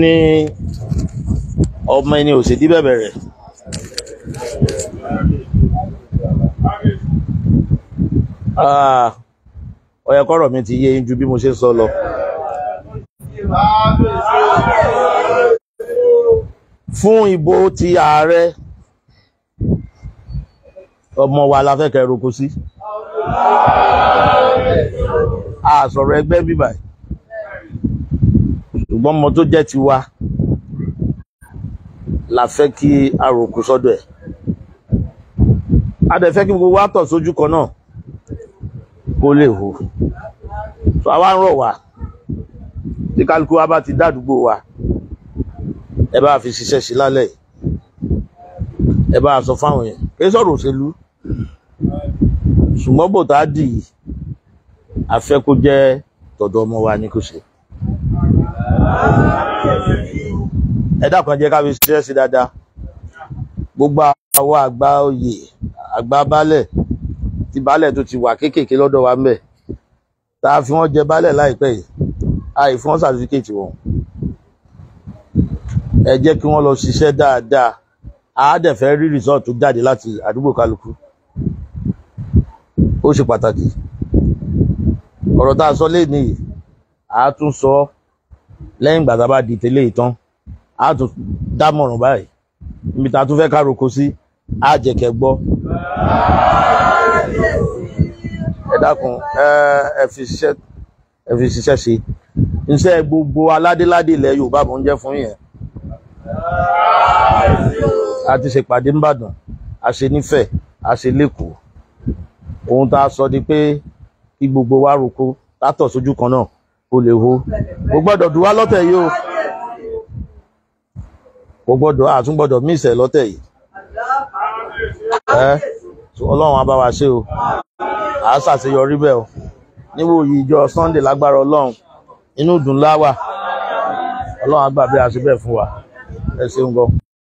ní ọmọ ẹni ò sì dí bẹ̀bẹ̀ rẹ̀ ah, ó yẹ kọ́rọ̀ mi ti yé yín ju bí mo ṣe ń sọ lọ. fún ìbò ti ààrẹ ọmọ wa la fẹ́ kẹ́ roko sí. a sọ̀rọ̀ ẹgbẹ́ bíbáyìí ṣùgbọ́n ọmọ tó jẹ́ tiwa la fẹ́ kí aròkù sọ́dọ̀ ẹ̀ a dẹ̀ fẹ́ kí gbogbo wa tọ̀ sójú kan náà kó lè hù tó a wá ń rọ̀ wá tí kálukú wa bá ti dádúgbò wa ẹ bá fi ṣiṣẹ́ sí lálẹ́ ẹ bá sọ fáwọn yẹn kí sọ̀rọ̀ òṣèlú ṣùgbọ́n bò dì yìí a fẹ́ kó jẹ́ tọ̀dọ̀ ọmọ wa ni kò ṣe ẹ̀dá kan jẹ́ ká fi ṣiṣẹ́ sí dáadáa gbogbo àwọn àgbà oyè àgbà baálẹ̀ ti baálẹ̀ tó ti wà kéékèèké lọ́dọ̀ wa mẹ́ẹ̀ tá a fi wọ́n jẹ baálẹ̀ láìpẹ́ yìí àì fún wọn sàtífíkèètì wọn ẹ jẹ́ kí wọ́n lọ ṣiṣẹ́ dáadáa àádẹ́fẹ́ rí result tó jáde láti àdúgbò kálukú ó ṣe pàtàkì ọ̀rọ̀ tá a sọ lé nìyí àá tún sọ ọ́ lẹ́yìn ìgbà tá a bá di tẹ́lẹ̀ ìtàn á tún dámọ̀ràn báyìí níbi tá a tún fẹ́ ká roko sí á jẹ́ kẹ́ gbọ́. ẹ dákun ẹ fi ṣiṣẹ́ ṣe iṣẹ́ gbogbo aládéládé ilẹ̀ Yorùbá mò ń jẹ́ fún yẹn. a ti ṣèpàdé ńbàdàn a ṣe nífẹ̀ẹ́ a ṣe lẹ́kọ̀ọ́ ohun tá a sọ di pé kí gbogbo wa roko látọ̀ sójú kan náà ó lè hó kò gbọ́dọ̀ dùn wá lọ́tẹ̀ yìí o kò gbọ́dọ̀ àtún gbọ́dọ̀ mísẹ̀ lọ́tẹ̀ yìí ẹ ọlọ́run á wa ṣe o àá ṣàṣeyọrí bẹ́ẹ̀ o níwò yìí ìjọ Sunday lágbára ọlọ́run inú dùn láwà ọlọ́run á gbà bí a fún wa ẹ ṣeun gan.